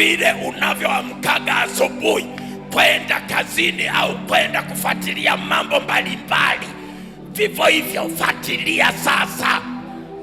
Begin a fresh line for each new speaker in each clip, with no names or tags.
vile unavyoamkaga asubuhi kwenda kazini au kwenda kufuatilia mambo mbalimbali, vivyo hivyo fuatilia sasa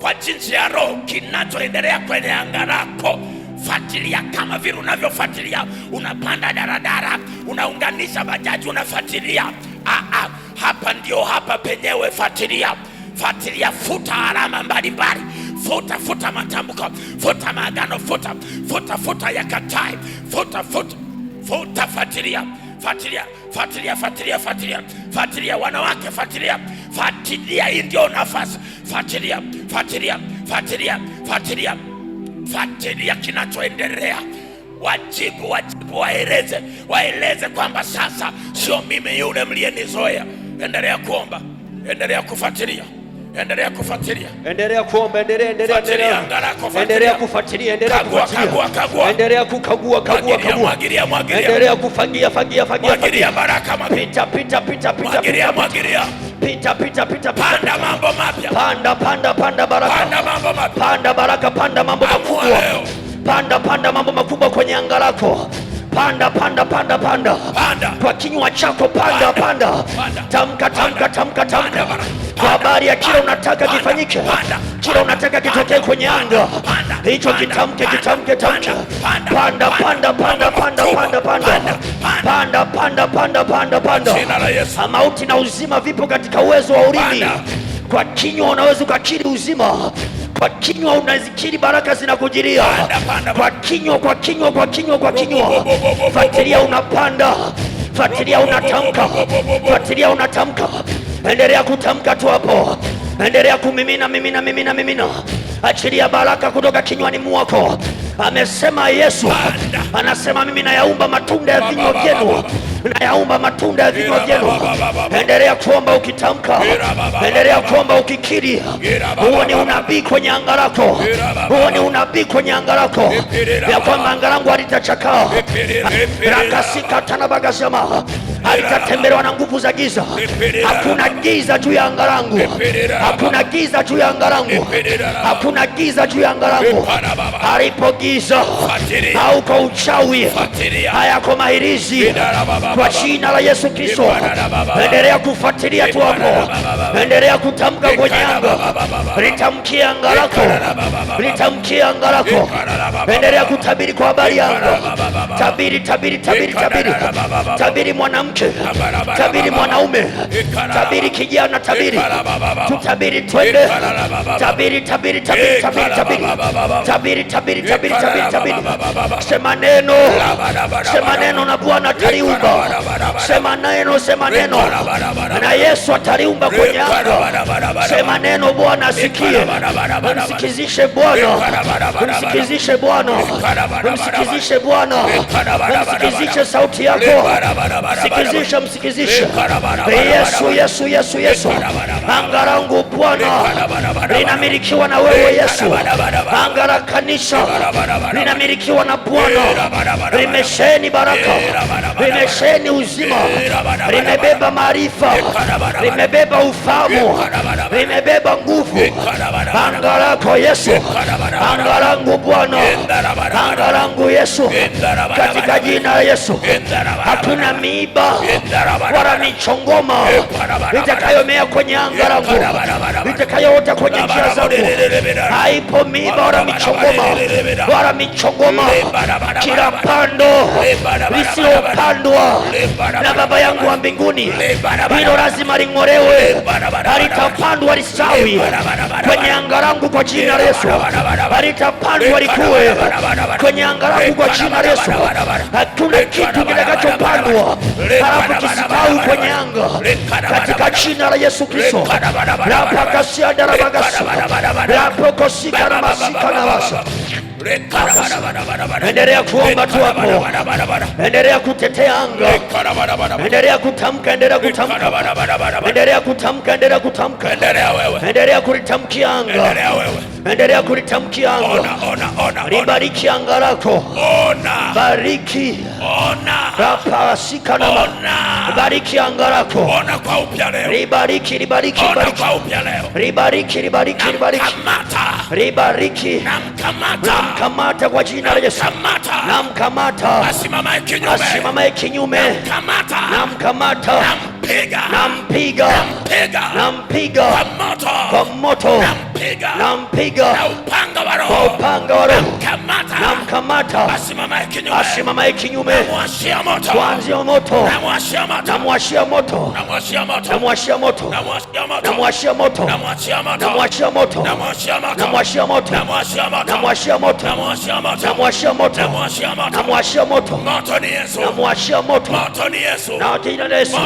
kwa jinsi ya Roho kinachoendelea kwenye anga lako. Fuatilia kama vile unavyofuatilia, unapanda daradara, unaunganisha bajaji, unafuatilia. Ah, ah, hapa ndio hapa penyewe, fuatilia, fuatilia, futa alama mbalimbali futa futa matamko, futa maagano, futa futa futa yakatai, futa futa futa, fatilia fatilia fatilia fatilia fatilia fatilia, wanawake fatilia fatilia, hii ndio nafasi, fatilia fatilia fatilia fatilia fatilia kinachoendelea wajibu wajibu, waeleze waeleze kwamba sasa sio mimi yule mliyenizoea. Endelea kuomba, endelea kufuatilia. Endelea kufuatilia.
Endelea kuomba, endelea endelea
endelea. Endelea kufuatilia, endelea
kufuatilia. Endelea kukagua kagua
kagua. Mwagilia mwagilia.
Endelea kufagia fagia
fagia. Mwagilia baraka
mwagilia. Pita pita pita
Mwagilia mwagilia.
Pita pita pita
Panda mambo mapya.
Panda panda panda baraka.
Panda mambo mapya.
Panda baraka panda mambo makubwa. Panda panda mambo makubwa kwenye anga lako. Panda panda panda panda. Panda. Kwa kinywa chako panda panda. Tamka tamka tamka tamka habari ya kila unataka kifanyike, kila unataka kitokee kwenye anga hicho, kitamke, kitamke, tamke.
Panda,
panda, panda, panda, panda, panda, panda, panda, panda, panda,
panda.
Mauti na uzima vipo katika uwezo wa ulimi. Kwa kinywa unaweza ukakiri uzima kwa kinywa unazikiri baraka zinakujilia kwa kinywa, kwa kinywa, kwa kinywa, kwa kinywa. Fuatilia, unapanda Fuatilia unatamka, fuatilia unatamka, endelea kutamka tu hapo, endelea kumimina, mimina, mimina, mimina, achilia baraka kutoka kinywani mwako. Amesema Yesu, anasema mimi nayaumba matunda ya vinywa vyenu nayaumba matunda ya vinywa vyenu. Endelea kuomba ukitamka, endelea kuomba ukikiri. Huo ni unabii kwenye anga lako, huo ni unabii kwenye anga lako ya kwamba anga langu halitachakaa. rakasika tanabagasema halitatembelewa na nguvu za giza. Hakuna giza juu ya anga langu, hakuna giza juu ya anga langu, hakuna giza juu ya anga langu. Alipo giza, hauko uchawi, hayako mahirizi, kwa jina la Yesu Kristo. Endelea kufuatilia tu hapo, endelea kutamka kwenye anga, litamkia anga lako, litamkia anga lako. Endelea kutabiri kwa habari ya tabiri, tabiri, tabiri, tabiri, tabiri mwanamke mwanamke, tabiri mwanaume, tabiri kijana, tabiri tutabiri, twende tabiri, tabiri, tabiri, tabiri, tabiri, tabiri, tabiri, tabiri, tabiri. Sema neno, sema neno, na Bwana ataliumba. Sema neno, sema neno, na Yesu ataliumba kwenye anga. Sema neno, Bwana asikie. Msikizishe Bwana, msikizishe Bwana, msikizishe Bwana, msikizishe sauti yako msikizisha, msikizisha Yesu, Yesu, Yesu, Yesu. Anga langu Bwana linamilikiwa na wewe Yesu. Anga la kanisa linamilikiwa na Bwana. Limesheni baraka, limesheni uzima, limebeba maarifa, limebeba ufahamu, limebeba nguvu Anga lako Yesu, anga langu Bwana, anga langu Yesu, katika jina la Yesu. Hakuna miiba wala michongoma itakayomea kwenye anga langu, itakayoota kwenye njia zangu. Haipo miiba wala michongoma wala michongoma, kila pando lisilopandwa na Baba yangu wa mbinguni, hilo lazima ling'olewe, halitapandwa lisawi kwenye angalangu kwa jina la Yesu, litapandwa likue kwenye angalangu kwa jina la Yesu. Hakuna kitu kitakachopandwa halafu kisikau kwenye anga katika jina la Yesu Kristo. lapakasiadarabagasa wasa endelea kuomba tu hapo, endelea kutetea anga Endelea kutamka, endelea kutamka, endelea kutamka, endelea kutamka,
endelea wewe,
endelea kulitamkia anga,
endelea wewe
endelea kulitamkia ango, libariki anga lako, bariki rapaasikanama, bariki anga lako, libariki libariki libariki libariki libariki,
namkamata
kwa jina la Yesu, namkamata
asimamaye
kinyume, namkamata nampiga nampiga kwa moto nampiga na
upanga wa roho
namkamata, asimamaye kinyume,
kuanzia moto
namwashia moto,
namwashia moto,
namwashia moto, namwashia moto, namwashia moto, namwashia moto, namwashia moto, namwashia moto, namwashia moto na jina la Yesu,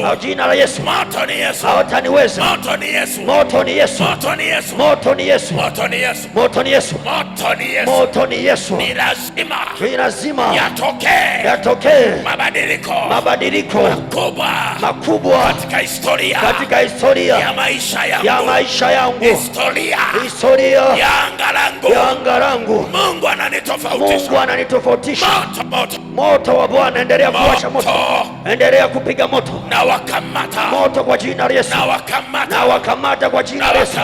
na jina la Yesu, hawataniweza moto ni Yesu. Yesu, moto ni Yesu, moto
ni Yesu, moto ni
Yesu, moto
ni Yesu, moto
ni Yesu. Ni lazima,
ni lazima
yatokee,
yatokee
mabadiliko,
mabadiliko
makubwa,
makubwa katika
historia,
katika historia ya
maisha yangu,
ya maisha yangu,
historia,
historia ya ya anga langu.
Mungu ananitofautisha,
Mungu ananitofautisha.
Moto, moto, moto wa Bwana, endelea kuwasha moto, endelea kupiga moto.
Na wakamata
moto kwa jina la Yesu, na
wakamata,
na wakamata kwa jina la Yesu,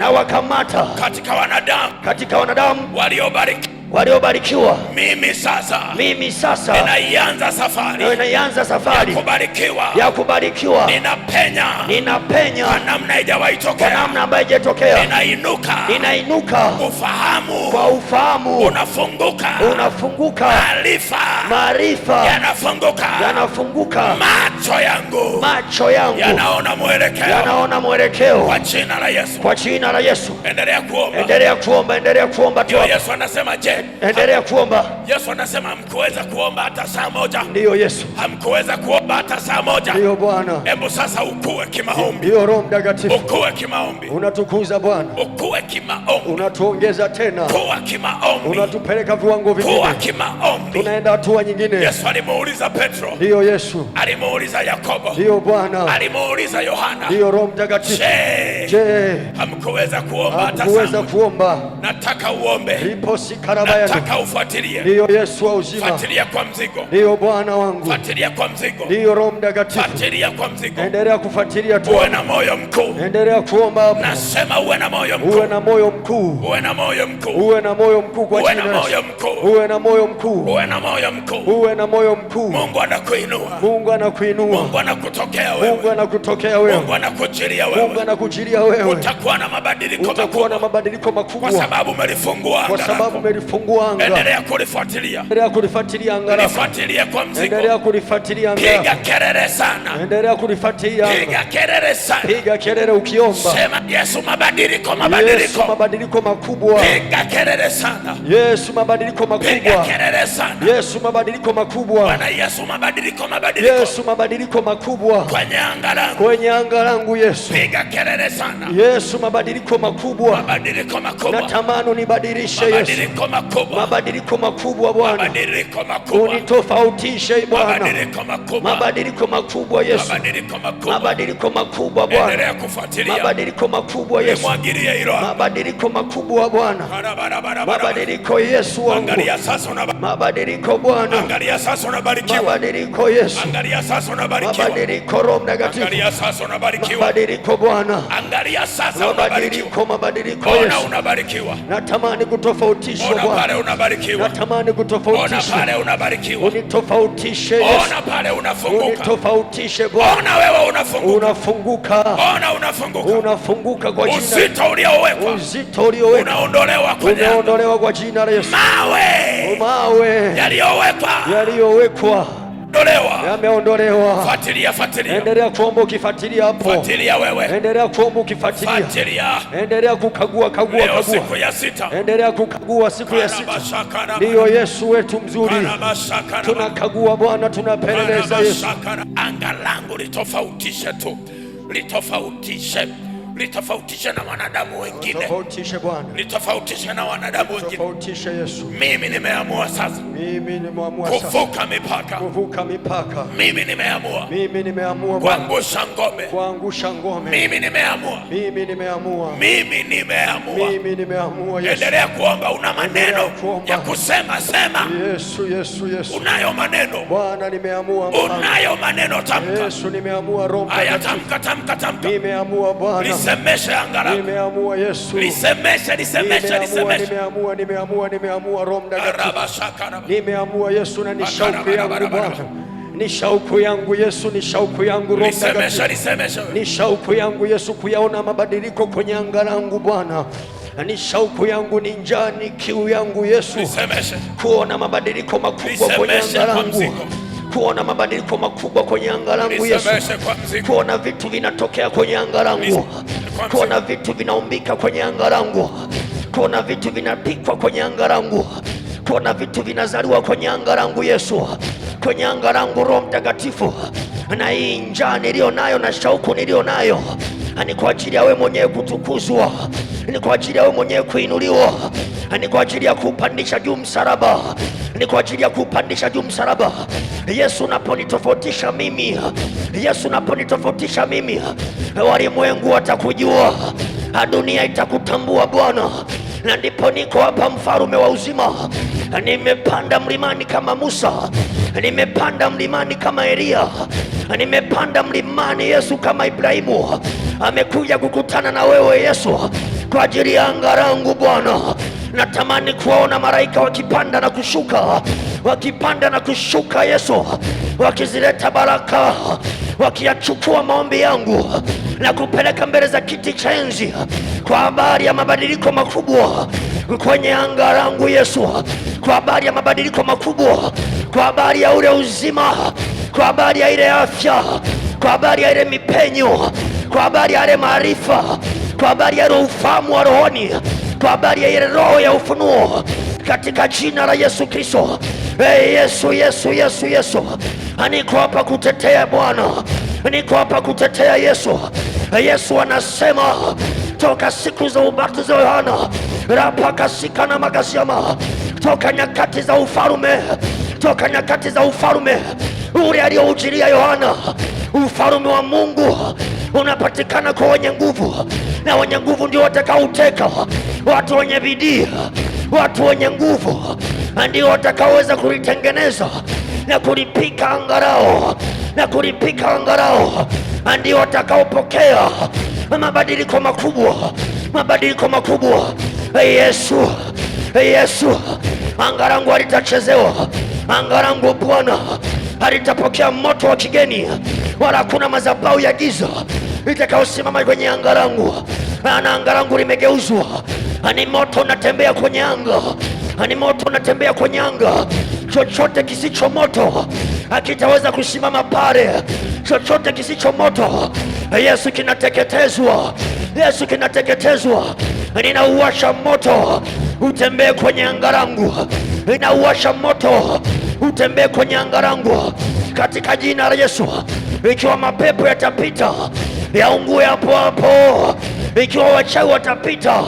na wakamata
katika wanadamu,
katika wanadamu
waliobarikiwa
waliobarikiwa
mimi sasa,
mimi sasa
ninaianza safari,
ninaianza safari
ya kubarikiwa, ya
kubarikiwa.
Ninapenya,
ninapenya kwa
namna haijawahi tokea,
kwa namna ambayo haijatokea.
Ninainuka,
ninainuka.
Ufahamu, kwa
ufahamu
unafunguka,
unafunguka.
Maarifa,
maarifa
yanafunguka,
yanafunguka
macho yangu,
macho yangu
yanaona mwelekeo,
yanaona mwelekeo kwa
jina la Yesu, kwa
jina la Yesu.
Endelea kuomba,
endelea kuomba, endelea kuomba tu.
Yesu anasema je,
endelea kuomba.
Yesu anasema hamkuweza kuomba hata saa moja. Ndiyo Yesu, hamkuweza kuomba hata saa moja. Ndiyo
Bwana. Hebu
sasa ukue kimaombi,
ndiyo Roho Mtakatifu,
ukue kimaombi,
unatukuza Bwana,
ukue kimaombi,
unatuongeza tena, kuwa
kimaombi,
unatupeleka viwango vingine,
kuwa kimaombi,
tunaenda hatua nyingine.
Yesu alimuuliza Petro, ndiyo Yesu alimuuliza alimuuliza Yakobo, ndio Bwana, alimuuliza Yohana, ndio
Roho Mtakatifu,
je, hamkuweza kuomba? Hata kuomba, nataka uombe,
ndipo sikaraba,
nataka ufuatilie, ndio
Yesu wa uzima,
fuatilia kwa mzigo, ndio
Bwana wangu, fuatilia
kwa mzigo, ndio
Roho Mtakatifu,
fuatilia kwa mzigo,
endelea kufuatilia tu, uwe
na moyo mkuu,
endelea kuomba hapo,
nasema uwe na moyo mkuu,
uwe na moyo mkuu, uwe
na moyo mkuu, uwe
na moyo mkuu kwa jina la
Yesu, uwe na moyo mkuu, uwe
na moyo mkuu,
uwe na moyo mkuu,
Mungu anakuinua,
Mungu anakuinua kuinua. Mungu
anakutokea wewe. Mungu
anakutokea wewe. Mungu
anakujilia wewe. Mungu
anakujilia wewe.
Utakuwa na mabadiliko makubwa.
utakuwa na mabadiliko makubwa kwa
sababu umelifungua anga. Kwa
sababu umelifungua anga.
Endelea kulifuatilia. Endelea
kulifuatilia anga.
Lifuatilie kwa mzigo.
Endelea kulifuatilia anga. Piga
kelele sana.
Endelea kulifuatilia anga.
Piga kelele sana. Piga
kelele ukiomba.
Sema Yesu, mabadiliko mabadiliko. Yesu,
mabadiliko makubwa.
Piga kelele sana.
Yesu, mabadiliko makubwa.
Piga kelele sana.
Yesu, mabadiliko makubwa. Bwana
Yesu, mabadiliko mabadiliko.
Yesu, mabadiliko mabadiliko makubwa
kwenye anga langu, kwenye
anga langu Yesu. Piga
kelele sana
Yesu, mabadiliko makubwa,
mabadiliko makubwa,
natamani unibadilishe Yesu, mabadiliko makubwa, mabadiliko makubwa Bwana,
mabadiliko makubwa,
unitofautishe Bwana,
mabadiliko makubwa,
mabadiliko makubwa Yesu,
mabadiliko makubwa,
mabadiliko makubwa Bwana,
endelea kufuatilia
mabadiliko makubwa Yesu,
mwagilie hilo
mabadiliko makubwa Bwana, mabadiliko Yesu wangu, angalia sasa, mabadiliko Bwana,
angalia sasa unabarikiwa,
mabadiliko Yesu,
angalia sasa mabadiriko
Mabadiliko roho mtakatifu. Angalia
sasa unabarikiwa.
Mabadiliko Bwana.
Angalia sasa
Mabadiliko Yesu.
unabarikiwa.
Natamani kutofautishwa Bwana. pale
unabarikiwa.
Natamani kutofautishwa.
pale unabarikiwa.
Unitofautishe Yesu.
pale unafunguka.
Unitofautishe Bwana.
Ona wewe unafunguka.
Unafunguka.
Ona unafunguka.
Unafunguka kwa jina.
Uzito uliowekwa.
Uzito uliowekwa.
Unaondolewa kwa jina.
Unaondolewa kwa jina la Yesu.
Mawe.
Mawe.
Yaliyowekwa.
Yaliyowekwa. Yameondolewa.
Fuatilia, fuatilia.
Endelea kuomba ukifuatilia hapo.
Fuatilia wewe.
Endelea kuomba ukifuatilia. Fuatilia. Endelea kukagua kagua kagua. Siku ya sita. Endelea kukagua siku ya sita.
Ndiyo Yesu wetu mzuri.
Tunakagua Bwana, tunapeleleza Yesu.
Anga langu litofautishe tu. Litofautishe nitofautishe na wanadamu wengine,
nitofautishe Bwana,
nitofautishe na wanadamu wengine,
nitofautishe Yesu. Mimi
nimeamua sasa, mimi
nimeamua sasa
kuvuka mipaka, kuvuka
mipaka. Mimi
nimeamua, mimi nimeamua kuangusha ngome,
kuangusha ngome. Mimi
nimeamua, mimi
nimeamua,
mimi nimeamua, mimi
nimeamua. Yesu,
endelea kuomba. Una maneno ya kusema, sema.
Yesu, Yesu, Yesu,
unayo maneno Bwana, nimeamua, unayo maneno, tamka.
Yesu, nimeamua, Roho Mtakatifu,
tamka, tamka, tamka,
nimeamua Bwana
Lisemeshe angalau.
Nimeamua Yesu.
Lisemeshe, lisemeshe, lisemeshe.
Nimeamua, nimeamua, nimeamua Roho Mtakatifu.
Nimeamua Yesu na ni shauku yangu Bwana. Ni shauku yangu Yesu, ni shauku yangu Roho Mtakatifu. Ni shauku yangu Yesu kuyaona mabadiliko kwenye anga langu Bwana ni shauku yangu, ni njaa, ni kiu yangu Yesu, kuona mabadiliko makubwa kwenye anga langu kuona mabadiliko makubwa kwenye anga langu Yesu, kuona vitu vinatokea kwenye anga langu, kuona vitu vinaumbika kwenye anga langu, kuona vitu vinapikwa kwenye anga langu, kuona vitu vinazaliwa kwenye anga langu Yesu, kwenye anga langu Roho Mtakatifu. Na hii njaa niliyo nayo na shauku niliyo nayo ni kwa ajili ya wewe mwenyewe kutukuzwa, ni kwa ajili ya wewe mwenyewe kuinuliwa, ni kwa ajili ya kupandisha juu msalaba ni kwa ajili ya kuupandisha juu msalaba. Yesu, unaponitofautisha mimi, Yesu, unaponitofautisha mimi, walimwengu watakujua, dunia itakutambua Bwana na ndipo niko hapa, mfarume wa uzima. Nimepanda mlimani kama Musa, nimepanda mlimani kama Eliya, nimepanda mlimani Yesu kama Ibrahimu. Amekuja kukutana na wewe Yesu kwa ajili ya anga langu Bwana. Natamani kuwaona maraika wakipanda na kushuka, wakipanda na kushuka, Yesu, wakizileta baraka, wakiyachukua maombi yangu na kupeleka mbele za kiti cha enzi kwa habari ya mabadiliko makubwa kwenye anga langu Yesu, kwa habari ya mabadiliko makubwa, kwa habari ya ule uzima, kwa habari ya ile afya, kwa habari ya ile mipenyo, kwa habari ya ile maarifa, kwa habari ya ile ufahamu wa rohoni kwa habari ya ile roho ya ufunuo katika jina la Yesu Kristo. Hey, Yesu Yesu Yesu Yesu, niko hapa kutetea Bwana, niko hapa kutetea Yesu. Yesu anasema toka siku za ubatizo wa Yohana rapakasikana magasiama, toka nyakati za ufalume, toka nyakati za ufalume ule aliyoujilia Yohana, ufalume wa Mungu unapatikana kwa wenye nguvu na wenye nguvu ndio watakaoteka. Watu wenye bidii, watu wenye nguvu ndio watakaoweza kulitengeneza na kulipika angarao na kulipika angarao, ndio watakaopokea mabadiliko makubwa, mabadiliko makubwa. Yesu, Yesu, anga langu halitachezewa, anga langu Bwana halitapokea moto wa kigeni, wala hakuna madhabahu ya giza itakayosimama kwenye anga langu, na anga langu limegeuzwa. Ni moto unatembea kwenye anga, ni moto unatembea kwenye anga. Chochote kisicho moto akitaweza kusimama pale, chochote kisicho moto Yesu kinateketezwa, Yesu kinateketezwa. Ninauwasha moto utembee kwenye anga langu, ninauwasha moto utembee kwenye anga langu katika jina la Yesu. Ikiwa mapepo yatapita yaungue hapo hapo. Ikiwa wachawi watapita,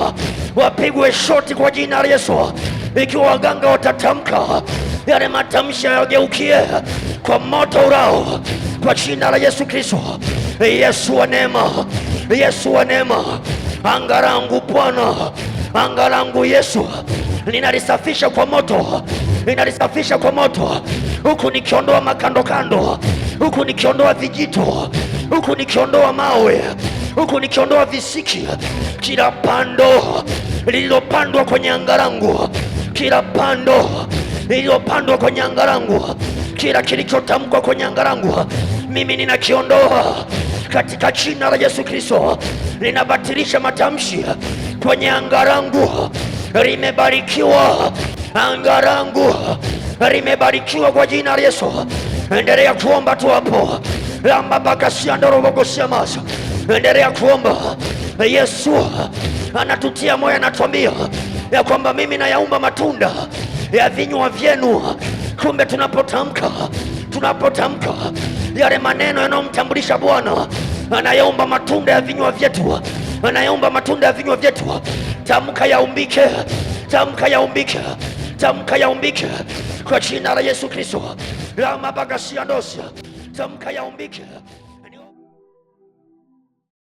wapigwe shoti kwa jina la Yesu. Ikiwa waganga watatamka, yale matamshi yageukie kwa moto urao, kwa jina la Yesu Kristo. Yesu wa neema, Yesu wa neema, anga langu Bwana, anga langu Yesu ninalisafisha kwa moto, ninalisafisha kwa moto, huku nikiondoa makandokando huku nikiondoa vijito, huku nikiondoa mawe, huku nikiondoa visiki, kila pando lililopandwa kwenye anga langu, kila pando lililopandwa kwenye anga langu, kila kilichotamkwa kwenye anga langu, mimi ninakiondoa katika jina la Yesu Kristo. Linabatilisha matamshi kwenye anga langu, limebarikiwa anga langu limebarikiwa kwa jina la Yesu endelea kuomba tu hapo, lambabakasiandorobogosia maso, endelea kuomba. Yesu anatutia moyo, anatuambia ya kwamba mimi nayaumba matunda ya vinywa vyenu. Kumbe tunapotamka tunapotamka yale maneno yanayomtambulisha Bwana, anayaumba matunda ya vinywa vyetu, anayaumba matunda ya vinywa vyetu. Tamka yaumbike, tamka yaumbike. Tamka yaumbike kwa jina la Yesu Kristo. Ramabagasiadosia, tamka yaumbike.